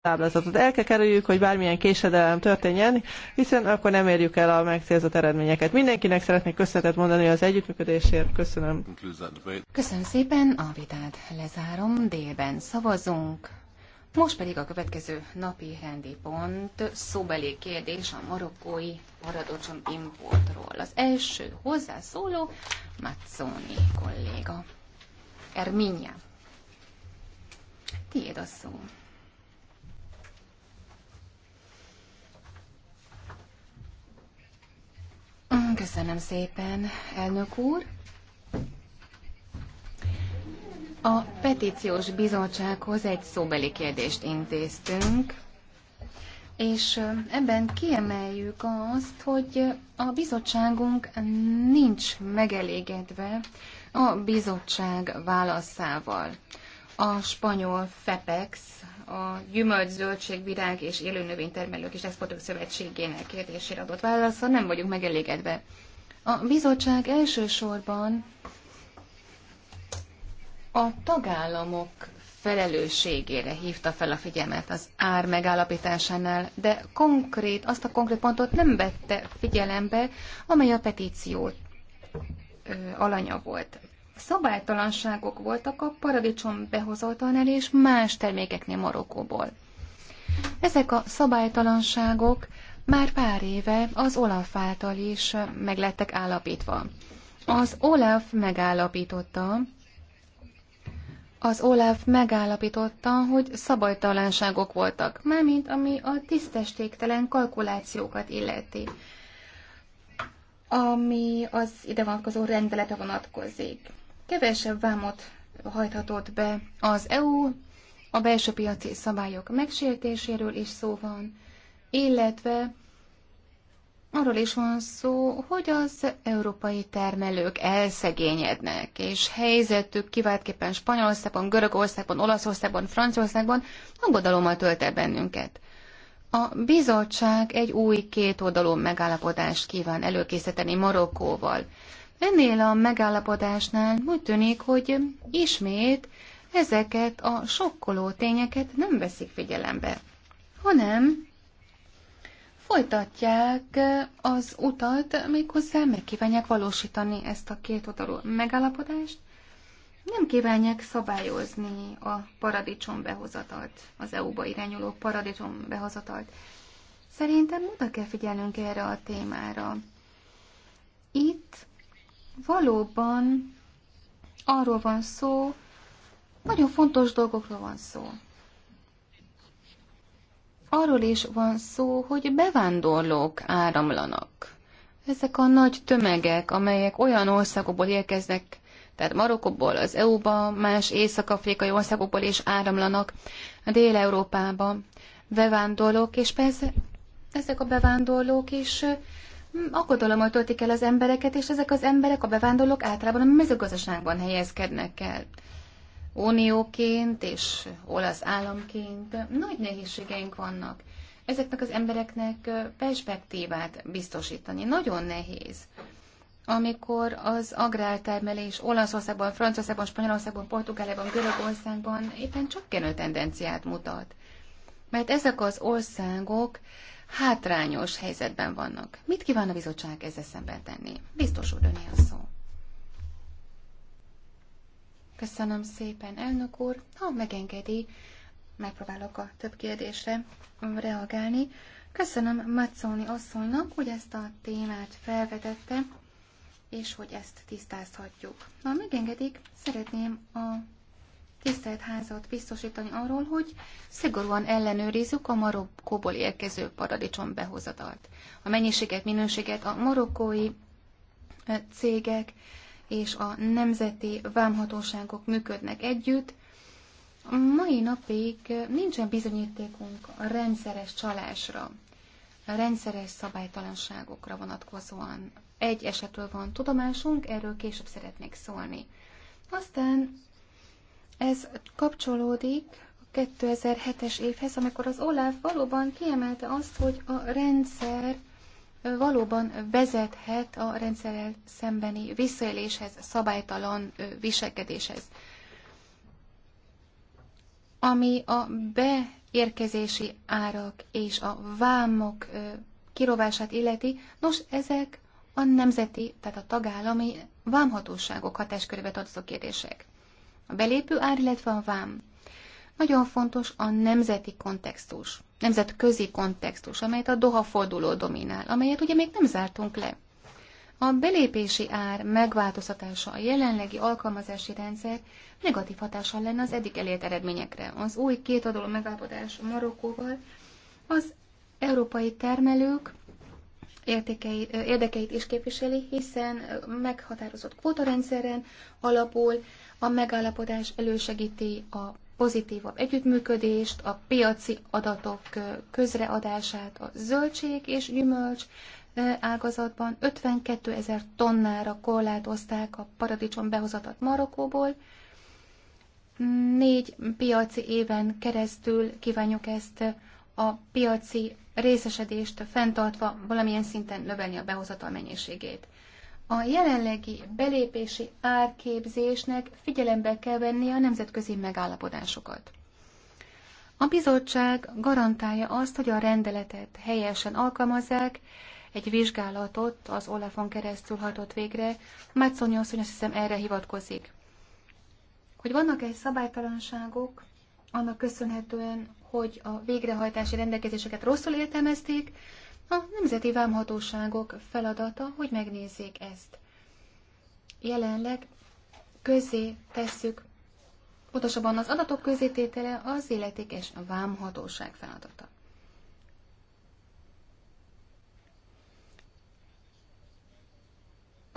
táblázatot. El kell kerüljük, hogy bármilyen késedelem történjen, hiszen akkor nem érjük el a megcélzott eredményeket. Mindenkinek szeretnék köszönetet mondani az együttműködésért. Köszönöm. Köszönöm szépen, a vitát lezárom, délben szavazunk. Most pedig a következő napi rendi pont, szóbeli kérdés a marokkói paradocsom importról. Az első hozzászóló Mazzoni kolléga. Erminia. Tiéd a szó. Köszönöm szépen, elnök úr. A petíciós bizottsághoz egy szóbeli kérdést intéztünk, és ebben kiemeljük azt, hogy a bizottságunk nincs megelégedve a bizottság válaszával. A spanyol FEPEX a Gyümölcs, Zöldség, Virág és Élőnövénytermelők és Exportok Szövetségének kérdésére adott válasza, nem vagyunk megelégedve. A bizottság elsősorban a tagállamok felelősségére hívta fel a figyelmet az ár megállapításánál, de konkrét, azt a konkrét pontot nem vette figyelembe, amely a petíció alanya volt szabálytalanságok voltak a paradicsom behozatalnál és más termékeknél Marokkóból. Ezek a szabálytalanságok már pár éve az Olaf által is meglettek állapítva. Az Olaf megállapította, az Olaf megállapította, hogy szabálytalanságok voltak, mármint ami a tisztességtelen kalkulációkat illeti, ami az ide vonatkozó rendelete vonatkozik kevesebb vámot hajthatott be az EU, a belső piaci szabályok megsértéséről is szó van, illetve arról is van szó, hogy az európai termelők elszegényednek, és helyzetük kiváltképpen Spanyolországban, Görögországban, Olaszországban, Franciaországban aggodalommal tölt el bennünket. A bizottság egy új kétoldalú megállapodást kíván előkészíteni Marokkóval. Ennél a megállapodásnál úgy tűnik, hogy ismét ezeket a sokkoló tényeket nem veszik figyelembe, hanem folytatják az utat, méghozzá kívánják valósítani ezt a két oldalú megállapodást, nem kívánják szabályozni a paradicsom behozatalt, az EU-ba irányuló paradicsom behozatalt. Szerintem oda kell figyelnünk erre a témára. Itt valóban arról van szó, nagyon fontos dolgokról van szó. Arról is van szó, hogy bevándorlók áramlanak. Ezek a nagy tömegek, amelyek olyan országokból érkeznek, tehát Marokkóból az EU-ba, más észak-afrikai országokból is áramlanak Dél-Európába bevándorlók, és persze ezek a bevándorlók is hogy hm, töltik el az embereket, és ezek az emberek, a bevándorlók általában a mezőgazdaságban helyezkednek el. Unióként és olasz államként nagy nehézségeink vannak. Ezeknek az embereknek perspektívát biztosítani nagyon nehéz. Amikor az agrártermelés Olaszországban, Franciaországban, Spanyolországban, Portugáliában, Görögországban éppen csökkenő tendenciát mutat. Mert ezek az országok hátrányos helyzetben vannak. Mit kíván a bizottság ezzel szemben tenni? Biztos úr, a szó. Köszönöm szépen, elnök úr. Ha megengedi, megpróbálok a több kérdésre reagálni. Köszönöm Mazzoni asszonynak, hogy ezt a témát felvetette, és hogy ezt tisztázhatjuk. Ha megengedik, szeretném a tisztelt házat biztosítani arról, hogy szigorúan ellenőrizzük a Marokkóból érkező paradicsom behozatalt. A mennyiséget, minőséget a marokkói cégek és a nemzeti vámhatóságok működnek együtt. A mai napig nincsen bizonyítékunk a rendszeres csalásra, a rendszeres szabálytalanságokra vonatkozóan. Egy esetről van tudomásunk, erről később szeretnék szólni. Aztán ez kapcsolódik a 2007-es évhez, amikor az Olaf valóban kiemelte azt, hogy a rendszer valóban vezethet a rendszerrel szembeni visszaéléshez, szabálytalan viselkedéshez. Ami a beérkezési árak és a vámok kirovását illeti, nos, ezek a nemzeti, tehát a tagállami vámhatóságok hatáskörébe tartozó kérdések a belépő ár, illetve a vám. Nagyon fontos a nemzeti kontextus, nemzetközi kontextus, amelyet a Doha forduló dominál, amelyet ugye még nem zártunk le. A belépési ár megváltoztatása a jelenlegi alkalmazási rendszer negatív hatással lenne az eddig elért eredményekre. Az új kétoldalú megállapodás Marokkóval az európai termelők értékei, érdekeit is képviseli, hiszen meghatározott kvótarendszeren alapul a megállapodás elősegíti a pozitívabb együttműködést, a piaci adatok közreadását a zöldség és gyümölcs ágazatban 52 ezer tonnára korlátozták a paradicsom behozatat Marokkóból. Négy piaci éven keresztül kívánjuk ezt a piaci részesedést fenntartva valamilyen szinten növelni a behozatal mennyiségét. A jelenlegi belépési árképzésnek figyelembe kell venni a nemzetközi megállapodásokat. A bizottság garantálja azt, hogy a rendeletet helyesen alkalmazzák, egy vizsgálatot az Olafon keresztül hajtott végre, Mátszonyi asszony azt hiszem erre hivatkozik. Hogy vannak-e szabálytalanságok, annak köszönhetően, hogy a végrehajtási rendelkezéseket rosszul értelmezték, a nemzeti vámhatóságok feladata, hogy megnézzék ezt. Jelenleg közé tesszük, pontosabban az adatok közététele az illetékes vámhatóság feladata.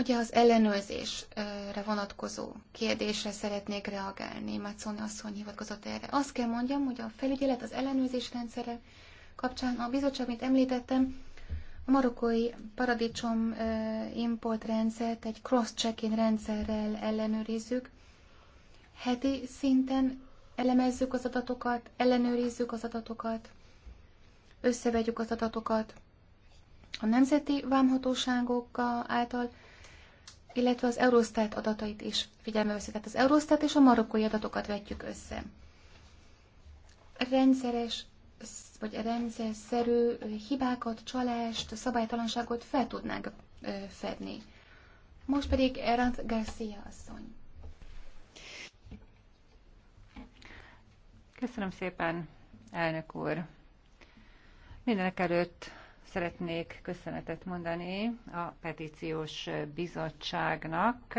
Ugye az ellenőrzésre vonatkozó kérdésre szeretnék reagálni, Szóni asszony hivatkozott erre. Azt kell mondjam, hogy a felügyelet az ellenőrzés rendszere kapcsán a bizottság, amit említettem, a marokkói paradicsom importrendszert egy cross-checking rendszerrel ellenőrizzük. Heti szinten elemezzük az adatokat, ellenőrizzük az adatokat, összevegyük az adatokat a nemzeti vámhatóságokkal által, illetve az Eurostat adatait is figyelme veszik. Tehát az Eurostat és a marokkói adatokat vetjük össze. Rendszeres vagy rendszerszerű hibákat, csalást, szabálytalanságot fel tudnánk fedni. Most pedig Erant Garcia asszony. Köszönöm szépen, elnök úr. Mindenek előtt Szeretnék köszönetet mondani a petíciós bizottságnak.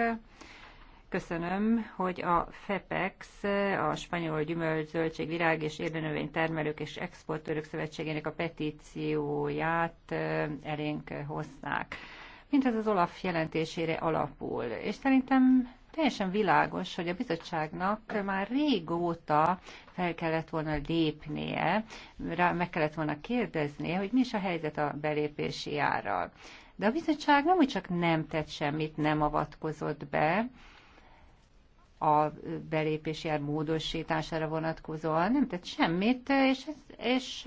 Köszönöm, hogy a FEPEX, a Spanyol Gyümölcs, Zöldség, Virág és Érdenövény Termelők és Exportőrök Szövetségének a petícióját elénk hozták. ez az Olaf jelentésére alapul, és szerintem Teljesen világos, hogy a bizottságnak már régóta fel kellett volna lépnie, rá meg kellett volna kérdeznie, hogy mi is a helyzet a belépési árral. De a bizottság nem úgy csak nem tett semmit, nem avatkozott be, a belépési ár módosítására vonatkozóan nem tett semmit, és, és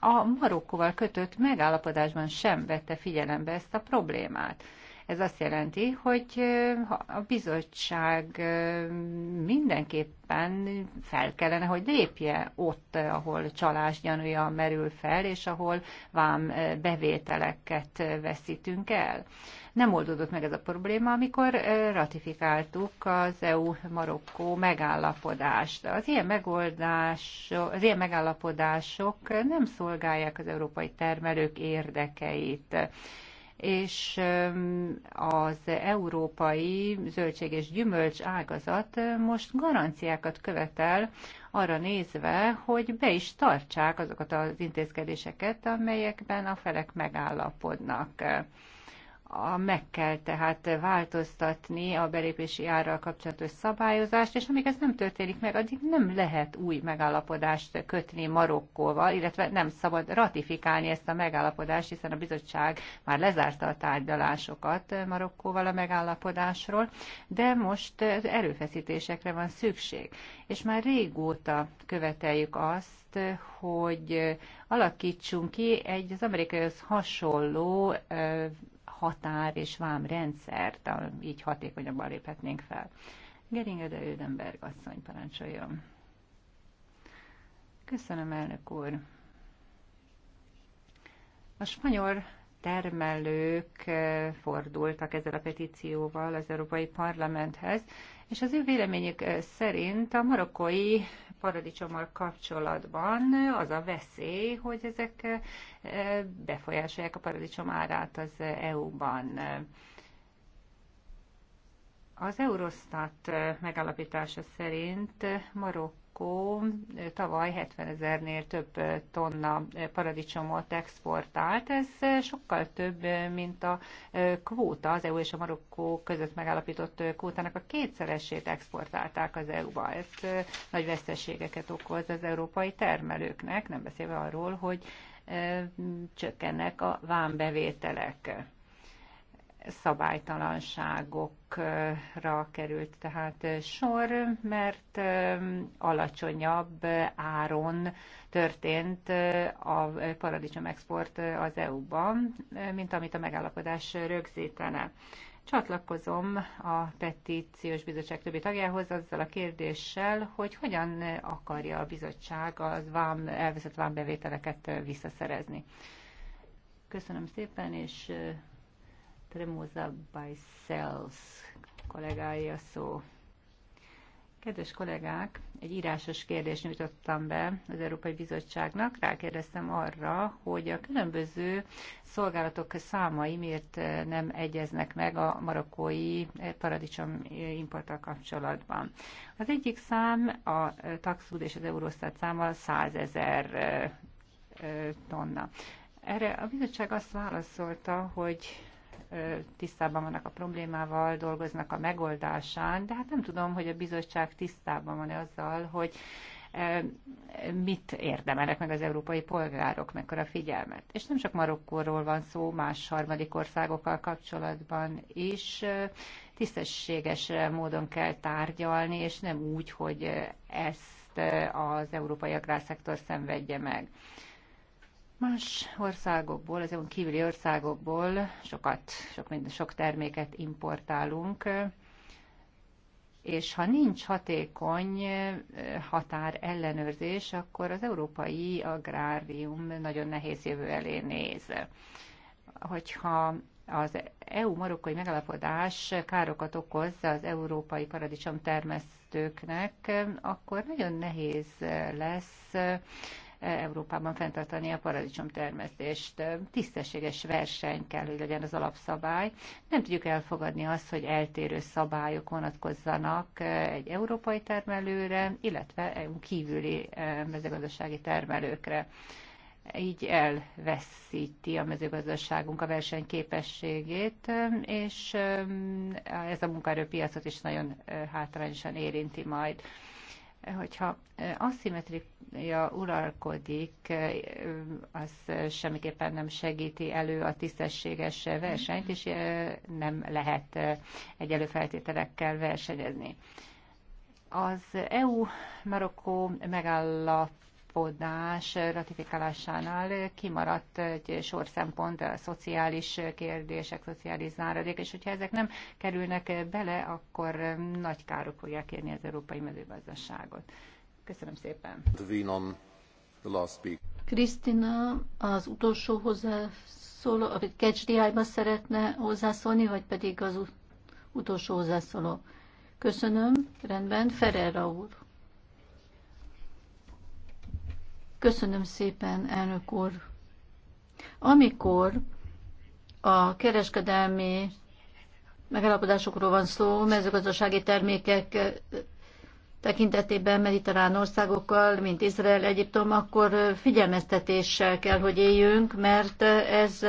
a Marokkóval kötött megállapodásban sem vette figyelembe ezt a problémát. Ez azt jelenti, hogy a bizottság mindenképpen fel kellene, hogy lépje ott, ahol csalás gyanúja merül fel, és ahol vám bevételeket veszítünk el. Nem oldódott meg ez a probléma, amikor ratifikáltuk az EU-Marokkó megállapodást. Az ilyen, megoldások, az ilyen megállapodások nem szolgálják az európai termelők érdekeit és az európai zöldség és gyümölcs ágazat most garanciákat követel arra nézve, hogy be is tartsák azokat az intézkedéseket, amelyekben a felek megállapodnak a, meg kell tehát változtatni a belépési árral kapcsolatos szabályozást, és amíg ez nem történik meg, addig nem lehet új megállapodást kötni Marokkóval, illetve nem szabad ratifikálni ezt a megállapodást, hiszen a bizottság már lezárta a tárgyalásokat Marokkóval a megállapodásról, de most erőfeszítésekre van szükség. És már régóta követeljük azt, hogy alakítsunk ki egy az amerikaihoz hasonló határ és vám rendszert, így hatékonyabban léphetnénk fel. Geringer de Ödenberg asszony parancsoljon. Köszönöm, elnök úr. A spanyol termelők eh, fordultak ezzel a petícióval az Európai Parlamenthez, és az ő véleményük eh, szerint a marokkói paradicsommal kapcsolatban az a veszély, hogy ezek eh, befolyásolják a paradicsom árát az EU-ban. Az Eurostat eh, megállapítása szerint Marokk Mexikó tavaly 70 ezernél több eh, tonna eh, paradicsomot exportált. Ez eh, sokkal több, mint a kvóta, az EU és a Marokkó között megállapított kvótának a kétszeresét exportálták az EU-ba. Ez nagy veszteségeket okoz az európai termelőknek, nem beszélve arról, hogy csökkennek a vámbevételek szabálytalanságokra került tehát sor, mert alacsonyabb áron történt a paradicsom export az EU-ban, mint amit a megállapodás rögzítene. Csatlakozom a petíciós bizottság többi tagjához azzal a kérdéssel, hogy hogyan akarja a bizottság az vám, elveszett vámbevételeket visszaszerezni. Köszönöm szépen, és Tremosa by Cells kollégája szó. Kedves kollégák, egy írásos kérdést nyújtottam be az Európai Bizottságnak. Rákérdeztem arra, hogy a különböző szolgálatok számai miért eh, nem egyeznek meg a marokkói eh, paradicsom eh, importtal kapcsolatban. Az egyik szám, a Taxud és az Eurostat száma 100 ezer tonna. Erre a bizottság azt válaszolta, hogy tisztában vannak a problémával, dolgoznak a megoldásán, de hát nem tudom, hogy a bizottság tisztában van-e azzal, hogy mit érdemelnek meg az európai polgárok, mekkora figyelmet. És nem csak Marokkóról van szó, más harmadik országokkal kapcsolatban is tisztességes módon kell tárgyalni, és nem úgy, hogy ezt az európai agrárszektor szenvedje meg. Más országokból, az EU-n kívüli országokból sokat, sok, minden, sok terméket importálunk, és ha nincs hatékony határ ellenőrzés, akkor az európai agrárium nagyon nehéz jövő elé néz. Hogyha az EU-marokkai megalapodás károkat okoz az európai paradicsom termesztőknek, akkor nagyon nehéz lesz Európában fenntartani a paradicsom termesztést, Tisztességes verseny kell, hogy legyen az alapszabály. Nem tudjuk elfogadni azt, hogy eltérő szabályok vonatkozzanak egy európai termelőre, illetve EU kívüli eh, mezőgazdasági termelőkre így elveszíti a mezőgazdaságunk a versenyképességét, és eh, ez a munkaerőpiacot is nagyon eh, hátrányosan érinti majd hogyha aszimmetria uralkodik, az semmiképpen nem segíti elő a tisztességes versenyt, és nem lehet egyelő feltételekkel versenyezni. Az EU-Marokkó megállap megállapodás ratifikálásánál kimaradt egy sor szempont, a szociális kérdések, szociális záradék, és hogyha ezek nem kerülnek bele, akkor nagy károk fogják érni az európai mezőgazdaságot. Köszönöm szépen. Krisztina az utolsó hozzászóló, amit Kecsdiájban szeretne hozzászólni, vagy pedig az utolsó hozzászóló. Köszönöm, rendben, Ferreira úr. Köszönöm szépen, elnök úr. Amikor a kereskedelmi megállapodásokról van szó, mezőgazdasági termékek eh, tekintetében mediterrán országokkal, mint Izrael, Egyiptom, akkor eh, figyelmeztetéssel kell, hogy éljünk, mert eh, ez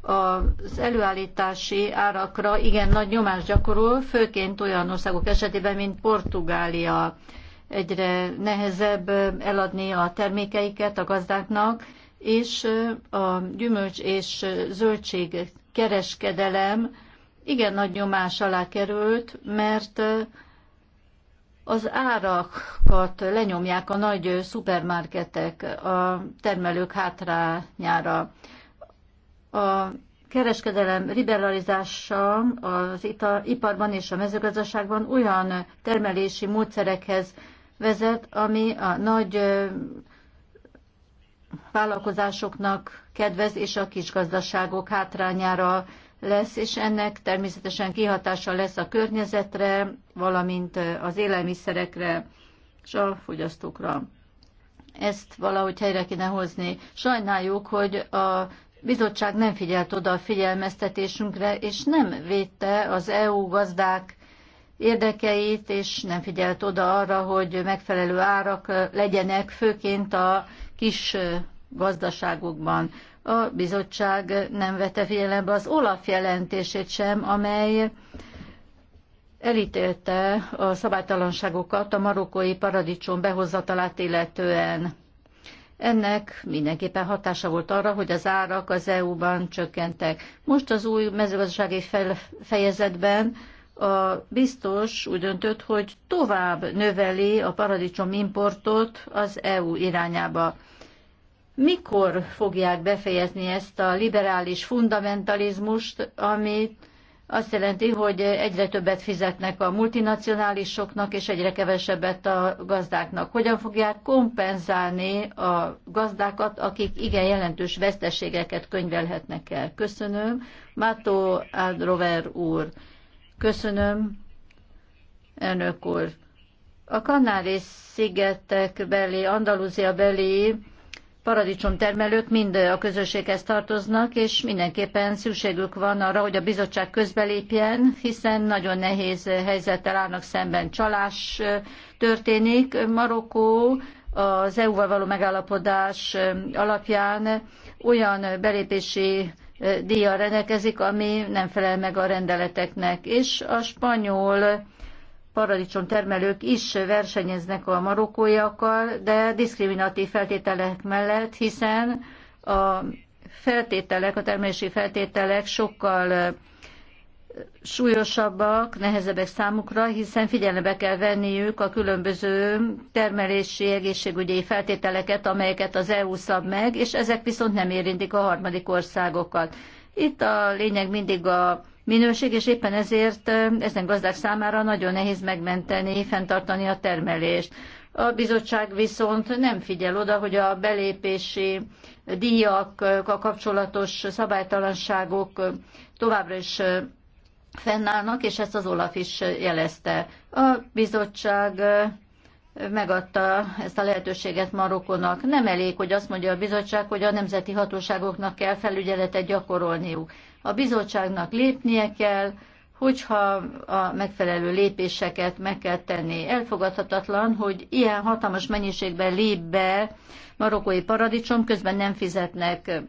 az előállítási árakra igen nagy nyomást gyakorol, főként olyan országok esetében, mint Portugália egyre nehezebb eladni a termékeiket a gazdáknak, és a gyümölcs és zöldség kereskedelem igen nagy nyomás alá került, mert az árakat lenyomják a nagy szupermarketek a termelők hátrányára. A kereskedelem liberalizása az iparban és a mezőgazdaságban olyan termelési módszerekhez vezet, ami a nagy vállalkozásoknak kedvez, és a kisgazdaságok hátrányára lesz, és ennek természetesen kihatása lesz a környezetre, valamint az élelmiszerekre és a fogyasztókra. Ezt valahogy helyre kéne hozni. Sajnáljuk, hogy a bizottság nem figyelt oda a figyelmeztetésünkre, és nem védte az EU gazdák érdekeit, és nem figyelt oda arra, hogy megfelelő árak legyenek, főként a kis gazdaságokban. A bizottság nem vette figyelembe az Olaf jelentését sem, amely elítélte a szabálytalanságokat a marokkói paradicsom behozatalát illetően. Ennek mindenképpen hatása volt arra, hogy az árak az EU-ban csökkentek. Most az új mezőgazdasági fejezetben a biztos úgy döntött, hogy tovább növeli a paradicsom importot az EU irányába. Mikor fogják befejezni ezt a liberális fundamentalizmust, ami azt jelenti, hogy egyre többet fizetnek a multinacionálisoknak, és egyre kevesebbet a gazdáknak. Hogyan fogják kompenzálni a gazdákat, akik igen jelentős veszteségeket könyvelhetnek el? Köszönöm. Mátó Aldrover úr. Köszönöm, elnök úr. A Kanári szigetek beli, Andalúzia beli termelők mind a közösséghez tartoznak, és mindenképpen szükségük van arra, hogy a bizottság közbelépjen, hiszen nagyon nehéz helyzettel állnak szemben csalás történik. Marokkó az EU-val való megállapodás alapján olyan belépési díja rendelkezik, ami nem felel meg a rendeleteknek, és a spanyol paradicsom termelők is versenyeznek a marokkóiakkal, de diszkriminatív feltételek mellett, hiszen a feltételek, a termelési feltételek sokkal súlyosabbak, nehezebbek számukra, hiszen figyelembe kell venniük a különböző termelési, egészségügyi feltételeket, amelyeket az EU szab meg, és ezek viszont nem érintik a harmadik országokat. Itt a lényeg mindig a minőség, és éppen ezért eh, ezen gazdák számára nagyon nehéz megmenteni, fenntartani a termelést. A bizottság viszont nem figyel oda, hogy a belépési díjak, a kapcsolatos szabálytalanságok továbbra is eh, fennállnak, és ezt az Olaf is jelezte. A bizottság megadta ezt a lehetőséget Marokkonak. Nem elég, hogy azt mondja a bizottság, hogy a nemzeti hatóságoknak kell felügyeletet gyakorolniuk. A bizottságnak lépnie kell, hogyha a megfelelő lépéseket meg kell tenni. Elfogadhatatlan, hogy ilyen hatalmas mennyiségben lép be marokkói paradicsom, közben nem fizetnek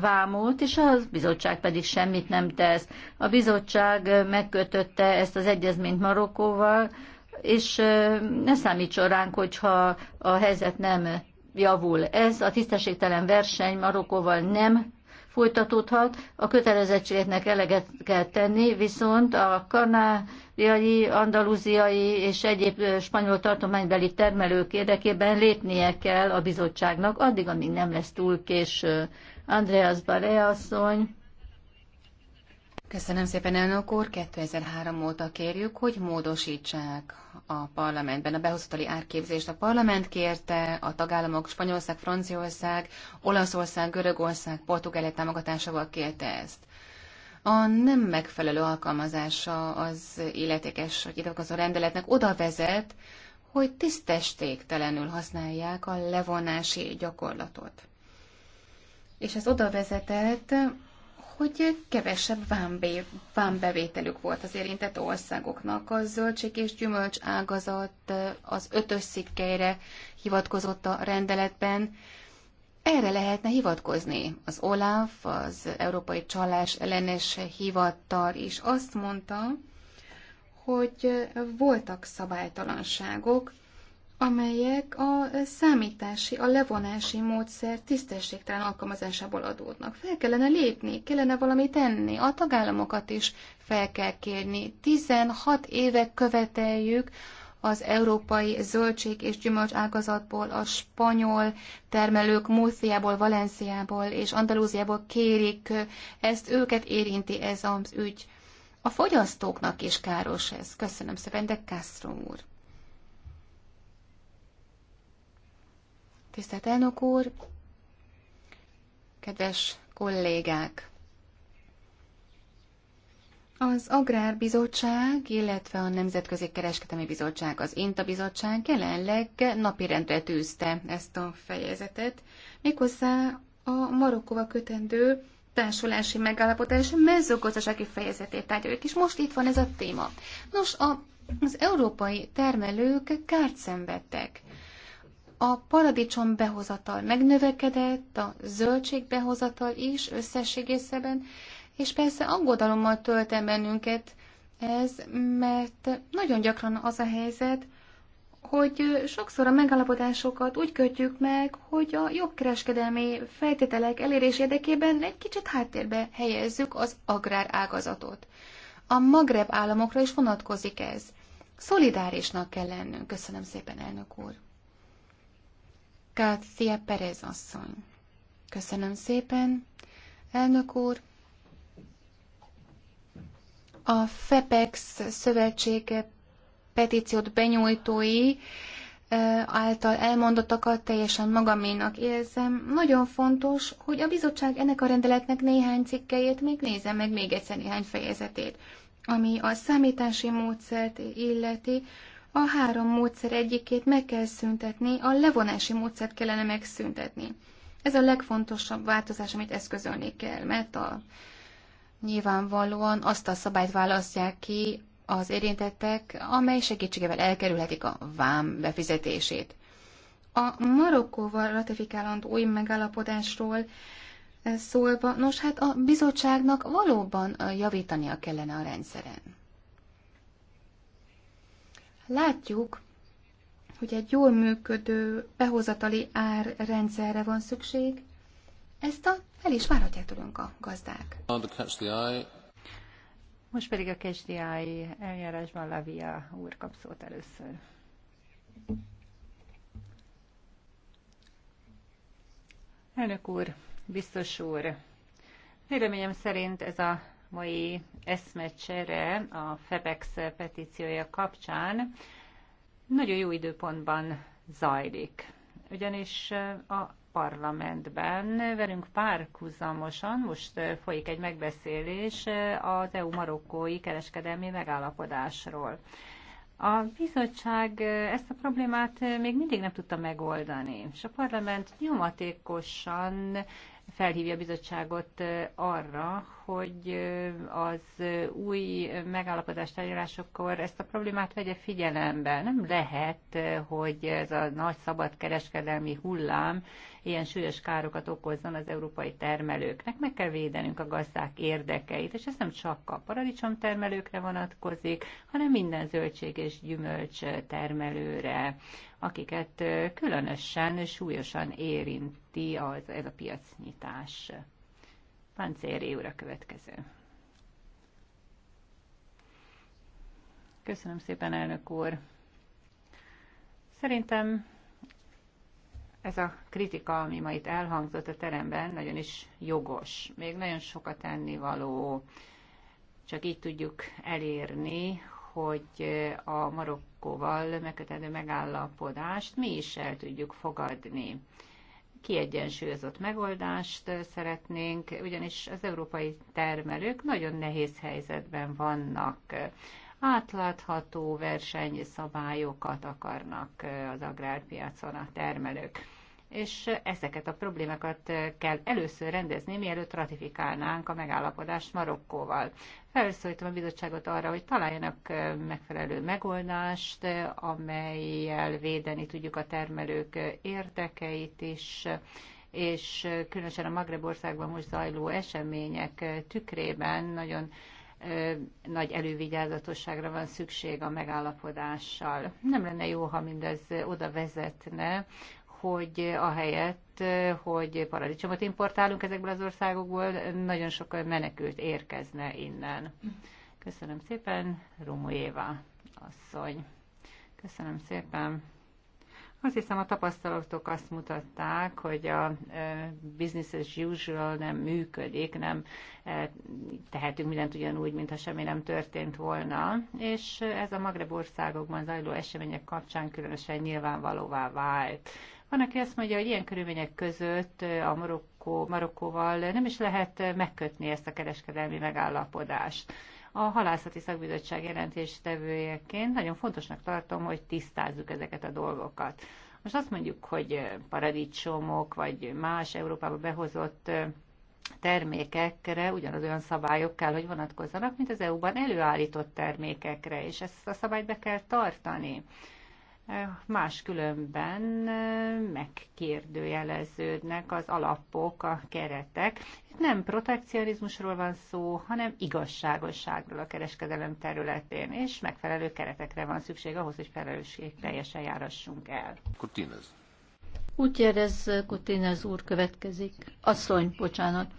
vámult és a bizottság pedig semmit nem tesz. A bizottság megkötötte ezt az egyezményt Marokkóval, és ne számítson ránk, hogyha a helyzet nem javul. Ez a tisztességtelen verseny Marokkóval nem folytatódhat, a kötelezettségeknek eleget kell tenni, viszont a kanáriai, andalúziai és egyéb spanyol tartománybeli termelők érdekében lépnie kell a bizottságnak, addig, amíg nem lesz túl késő. Andreas Bare asszony. Köszönöm szépen, elnök úr. 2003 óta kérjük, hogy módosítsák a parlamentben a behozatali árképzést. A parlament kérte a tagállamok Spanyolország, Franciaország, Olaszország, Görögország, Portugália támogatásával kérte ezt. A nem megfelelő alkalmazása az illetékes a rendeletnek oda vezet, hogy tisztestéktelenül használják a levonási gyakorlatot és ez oda vezetett, hogy kevesebb vámbevételük volt az érintett országoknak. A zöldség és gyümölcs ágazat az ötös szikkelyre hivatkozott a rendeletben. Erre lehetne hivatkozni. Az OLAF, az Európai Csalás ellenes hivattal is azt mondta, hogy voltak szabálytalanságok, amelyek a számítási, a levonási módszer tisztességtelen alkalmazásából adódnak. Fel kellene lépni, kellene valamit tenni, a tagállamokat is fel kell kérni. 16 éve követeljük az európai zöldség és gyümölcs ágazatból, a spanyol termelők Murciából, Valenciából és Andalúziából kérik, ezt őket érinti ez az ügy. A fogyasztóknak is káros ez. Köszönöm szépen, de Castro úr. Tisztelt elnök úr, kedves kollégák! Az Agrárbizottság, illetve a Nemzetközi Kereskedelmi Bizottság, az INTA Bizottság jelenleg napirendre tűzte ezt a fejezetet, méghozzá a Marokkova kötendő társulási megállapodás mezőgazdasági fejezetét tárgyaljuk, és most itt van ez a téma. Nos, a, az európai termelők kárt szenvedtek a paradicsom behozatal megnövekedett, a zöldség behozatal is összességészeben, és persze aggodalommal tölt el bennünket ez, mert nagyon gyakran az a helyzet, hogy sokszor a megállapodásokat úgy kötjük meg, hogy a jogkereskedelmi feltételek elérés érdekében egy kicsit háttérbe helyezzük az agrár ágazatot. A Magreb államokra is vonatkozik ez. Szolidárisnak kell lennünk. Köszönöm szépen, elnök úr. García Perez asszony. Köszönöm szépen. Elnök úr, a FEPEX szövetség petíciót benyújtói által elmondottakat teljesen magaménak érzem. Nagyon fontos, hogy a bizottság ennek a rendeletnek néhány cikkejét még nézze meg még egyszer néhány fejezetét, ami a számítási módszert illeti, a három módszer egyikét meg kell szüntetni, a levonási módszert kellene megszüntetni. Ez a legfontosabb változás, amit eszközölni kell, mert a, nyilvánvalóan azt a szabályt választják ki az érintettek, amely segítségevel elkerülhetik a vám befizetését. A Marokkóval ratifikálandó új megállapodásról szólva, nos hát a bizottságnak valóban javítania kellene a rendszeren. Látjuk, hogy egy jól működő behozatali árrendszerre van szükség. Ezt a, el is várhatják tőlünk a gazdák. Most pedig a KSDI eljárásban Lavia úr kap szót először. Elnök úr, biztos úr, véleményem szerint ez a mai eszmecsere a FEBEX petíciója kapcsán nagyon jó időpontban zajlik. Ugyanis a parlamentben velünk párhuzamosan most folyik egy megbeszélés az EU-marokkói kereskedelmi megállapodásról. A bizottság ezt a problémát még mindig nem tudta megoldani, és a parlament nyomatékosan felhívja a bizottságot arra, hogy az új megállapodás tárgyalásokkor ezt a problémát vegye figyelembe. Nem lehet, hogy ez a nagy szabadkereskedelmi hullám ilyen súlyos károkat okozzon az európai termelőknek. Meg kell védenünk a gazdák érdekeit, és ez nem csak a paradicsomtermelőkre vonatkozik, hanem minden zöldség és gyümölcs termelőre, akiket különösen súlyosan érinti az, ez a piacnyitás. Pancéri úr a következő. Köszönöm szépen, elnök úr. Szerintem ez a kritika, ami ma itt elhangzott a teremben, nagyon is jogos. Még nagyon sokat ennivaló, Csak így tudjuk elérni, hogy a Marokkóval megkötendő megállapodást mi is el tudjuk fogadni kiegyensúlyozott megoldást szeretnénk, ugyanis az európai termelők nagyon nehéz helyzetben vannak. Átlátható versenyszabályokat akarnak az agrárpiacon a termelők és ezeket a problémákat kell először rendezni, mielőtt ratifikálnánk a megállapodást Marokkóval. Felszólítom a bizottságot arra, hogy találjanak megfelelő megoldást, amelyel védeni tudjuk a termelők érdekeit is, és különösen a Magreb országban most zajló események tükrében nagyon nagy elővigyázatosságra van szükség a megállapodással. Nem lenne jó, ha mindez oda vezetne, hogy a helyet, hogy paradicsomot importálunk ezekből az országokból, nagyon sok menekült érkezne innen. Köszönöm szépen, Rumu Éva asszony. Köszönöm szépen. Azt hiszem a tapasztalatok azt mutatták, hogy a e, business as usual nem működik, nem e, tehetünk mindent ugyanúgy, mintha semmi nem történt volna, és ez a Magreb országokban zajló események kapcsán különösen nyilvánvalóvá vált. Van, aki azt mondja, hogy ilyen körülmények között a Marokkó, Marokkóval nem is lehet megkötni ezt a kereskedelmi megállapodást. A halászati szakbizottság jelentéstevőjeként nagyon fontosnak tartom, hogy tisztázzuk ezeket a dolgokat. Most azt mondjuk, hogy paradicsomok, vagy más Európába behozott termékekre olyan szabályok kell, hogy vonatkozzanak, mint az EU-ban előállított termékekre, és ezt a szabályt be kell tartani máskülönben eh, megkérdőjeleződnek az alapok, a keretek. Itt nem protekcionizmusról van szó, hanem igazságosságról a kereskedelem területén, és megfelelő keretekre van szükség ahhoz, hogy felelősség teljesen járassunk el. Kutinez. Úgy érez, Kutinez úr következik. Asszony, bocsánat.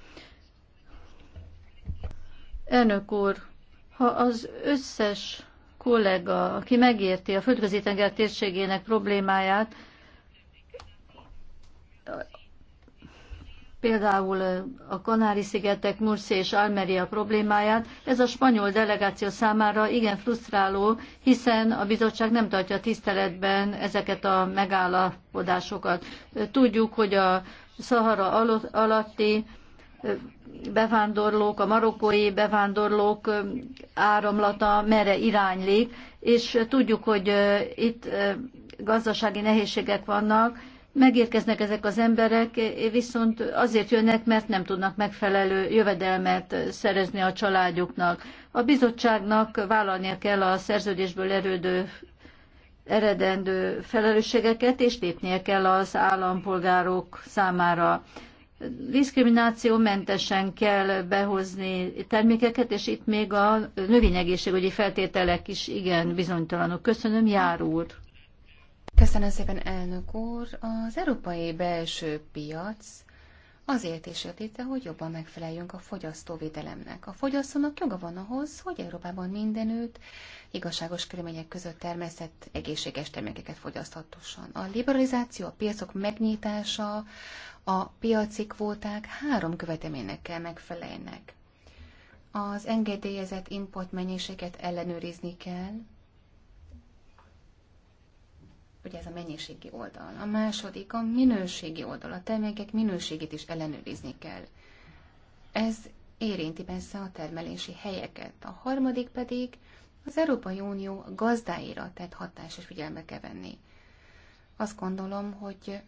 Elnök úr, ha az összes kollega, aki megérti a földközi tenger térségének problémáját, például a Kanári-szigetek, Murcia és Almeria problémáját, ez a spanyol delegáció számára igen frusztráló, hiszen a bizottság nem tartja tiszteletben ezeket a megállapodásokat. Tudjuk, hogy a Szahara alatti bevándorlók, a marokkói bevándorlók áramlata merre iránylik, és tudjuk, hogy itt gazdasági nehézségek vannak, megérkeznek ezek az emberek, viszont azért jönnek, mert nem tudnak megfelelő jövedelmet szerezni a családjuknak. A bizottságnak vállalnia kell a szerződésből erődő eredendő felelősségeket, és lépnie kell az állampolgárok számára diszkriminációmentesen kell behozni termékeket, és itt még a növényegészségügyi feltételek is igen bizonytalanok. Köszönöm, Jár úr! Köszönöm szépen, elnök úr! Az európai belső piac azért is jött létre, hogy jobban megfeleljünk a fogyasztóvédelemnek. A fogyasztónak joga van ahhoz, hogy Európában mindenütt igazságos körülmények között termesztett egészséges termékeket fogyaszthatóson. A liberalizáció, a piacok megnyitása, a piaci kvóták három követelménynek kell megfeleljenek. Az engedélyezett import mennyiséget ellenőrizni kell, ugye ez a mennyiségi oldal. A második a minőségi oldal, a termékek minőségét is ellenőrizni kell. Ez érinti persze a termelési helyeket. A harmadik pedig az Európai Unió gazdáira tett hatásos figyelme kell venni. Azt gondolom, hogy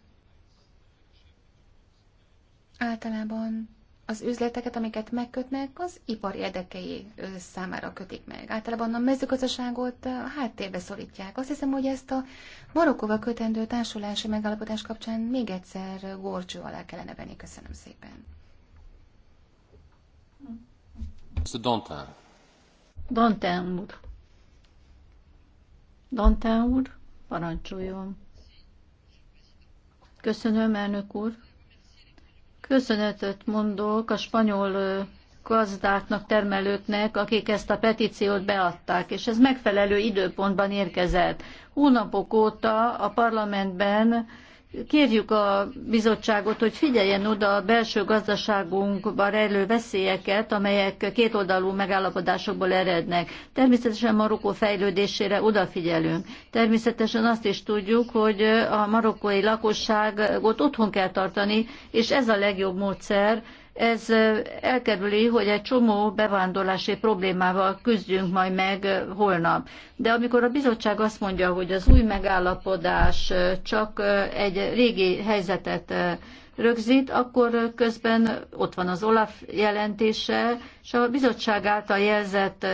Általában az üzleteket, amiket megkötnek, az ipar érdekei számára kötik meg. Általában a mezőgazdaságot háttérbe szorítják. Azt hiszem, hogy ezt a Marokkóval kötendő társulási megállapodás kapcsán még egyszer gorcső alá kellene venni. Köszönöm szépen. Mr. Dantin. Dantin úr. Dantin úr, parancsoljon. Köszönöm, elnök úr. Köszönetet mondok a spanyol gazdáknak, termelőknek, akik ezt a petíciót beadták, és ez megfelelő időpontban érkezett. Hónapok óta a parlamentben kérjük a bizottságot, hogy figyeljen oda a belső gazdaságunkban rejlő veszélyeket, amelyek kétoldalú megállapodásokból erednek. Természetesen Marokkó fejlődésére odafigyelünk. Természetesen azt is tudjuk, hogy a marokkói lakosságot otthon kell tartani, és ez a legjobb módszer, ez elkerüli, hogy egy csomó bevándorlási problémával küzdjünk majd meg holnap. De amikor a bizottság azt mondja, hogy az új megállapodás csak egy régi helyzetet rögzít, akkor közben ott van az OLAF jelentése, és a bizottság által jelzett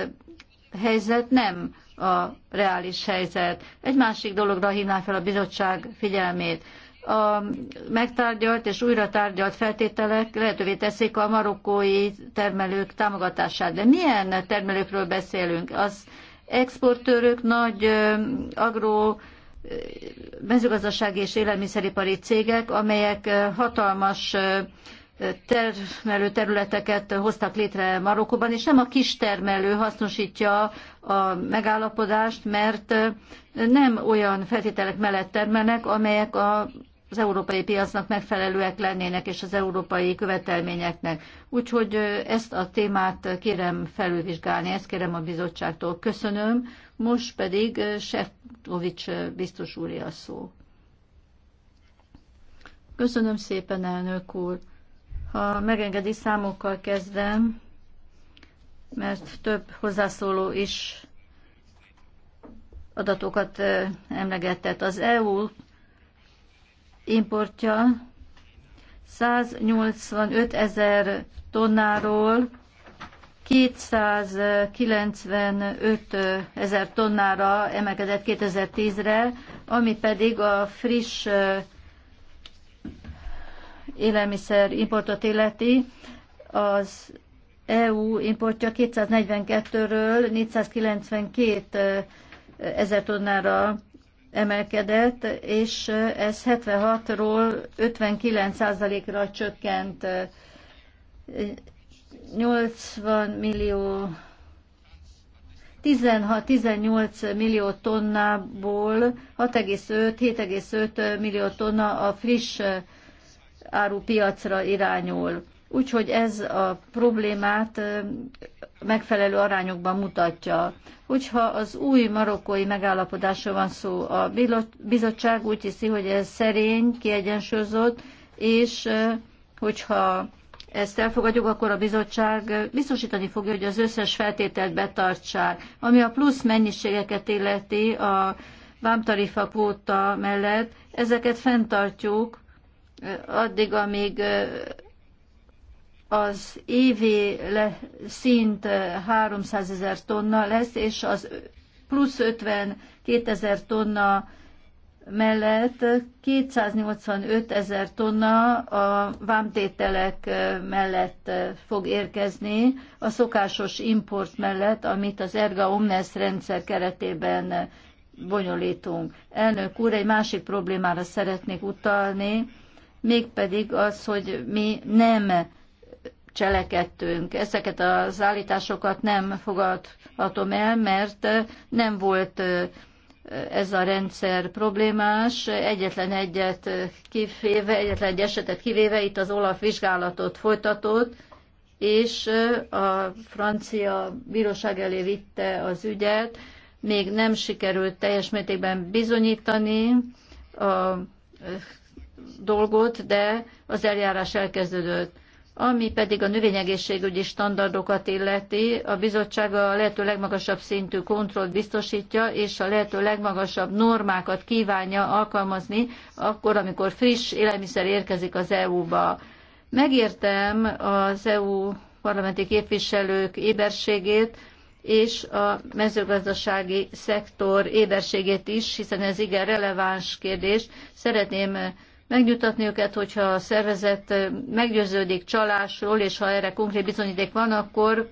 helyzet nem a reális helyzet. Egy másik dologra hívnám fel a bizottság figyelmét a megtárgyalt és újra tárgyalt feltételek lehetővé teszik a marokkói termelők támogatását. De milyen termelőkről beszélünk? Az exportőrök, nagy agró mezőgazdasági és élelmiszeripari cégek, amelyek hatalmas termelő területeket hoztak létre Marokkóban, és nem a kis termelő hasznosítja a megállapodást, mert nem olyan feltételek mellett termelnek, amelyek a az európai piacnak megfelelőek lennének, és az európai követelményeknek. Úgyhogy ezt a témát kérem felülvizsgálni, ezt kérem a bizottságtól. Köszönöm. Most pedig Sefcovics biztos úri a szó. Köszönöm szépen, elnök úr. Ha megengedi, számokkal kezdem, mert több hozzászóló is adatokat emlegetett. Az EU importja 185 ezer tonnáról 295 ezer tonnára emelkedett 2010-re, ami pedig a friss élelmiszer importot illeti, az EU importja 242-ről 492 ezer tonnára emelkedett, és ez 76-ról 59%-ra csökkent. 80 millió 16-18 millió tonnából 6,5-7,5 millió tonna a friss árupiacra irányul. Úgyhogy ez a problémát megfelelő arányokban mutatja. Hogyha az új marokkói megállapodásra van szó, a bizottság úgy hiszi, hogy ez szerény, kiegyensúlyozott, és hogyha ezt elfogadjuk, akkor a bizottság biztosítani fogja, hogy az összes feltételt betartsák. Ami a plusz mennyiségeket illeti a vámtarifa kvóta mellett, ezeket fenntartjuk addig, amíg az évi szint 300 eh, ezer tonna lesz, és az plusz 52 ezer tonna mellett 285 ezer tonna a vámtételek eh, mellett eh, fog érkezni, a szokásos import mellett, amit az Erga Omnes rendszer keretében bonyolítunk. Elnök úr, egy másik problémára szeretnék utalni, mégpedig az, hogy mi nem cselekedtünk. Ezeket az állításokat nem fogadhatom el, mert nem volt ez a rendszer problémás, egyetlen egyet kivéve, egyetlen egy esetet kivéve, itt az Olaf vizsgálatot folytatott, és a francia bíróság elé vitte az ügyet, még nem sikerült teljes mértékben bizonyítani a dolgot, de az eljárás elkezdődött. Ami pedig a növényegészségügyi standardokat illeti, a bizottság a lehető legmagasabb szintű kontrollt biztosítja, és a lehető legmagasabb normákat kívánja alkalmazni, akkor, amikor friss élelmiszer érkezik az EU-ba. Megértem az EU parlamenti képviselők éberségét, és a mezőgazdasági szektor éberségét is, hiszen ez igen releváns kérdés. Szeretném megnyugtatni őket, hogyha a szervezet meggyőződik csalásról, és ha erre konkrét bizonyíték van, akkor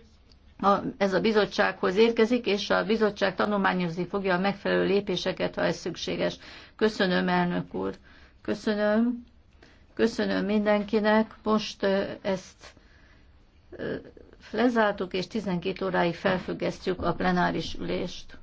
a, ez a bizottsághoz érkezik, és a bizottság tanulmányozni fogja a megfelelő lépéseket, ha ez szükséges. Köszönöm, elnök úr. Köszönöm. Köszönöm mindenkinek. Most ezt lezártuk, és 12 óráig felfüggesztjük a plenáris ülést.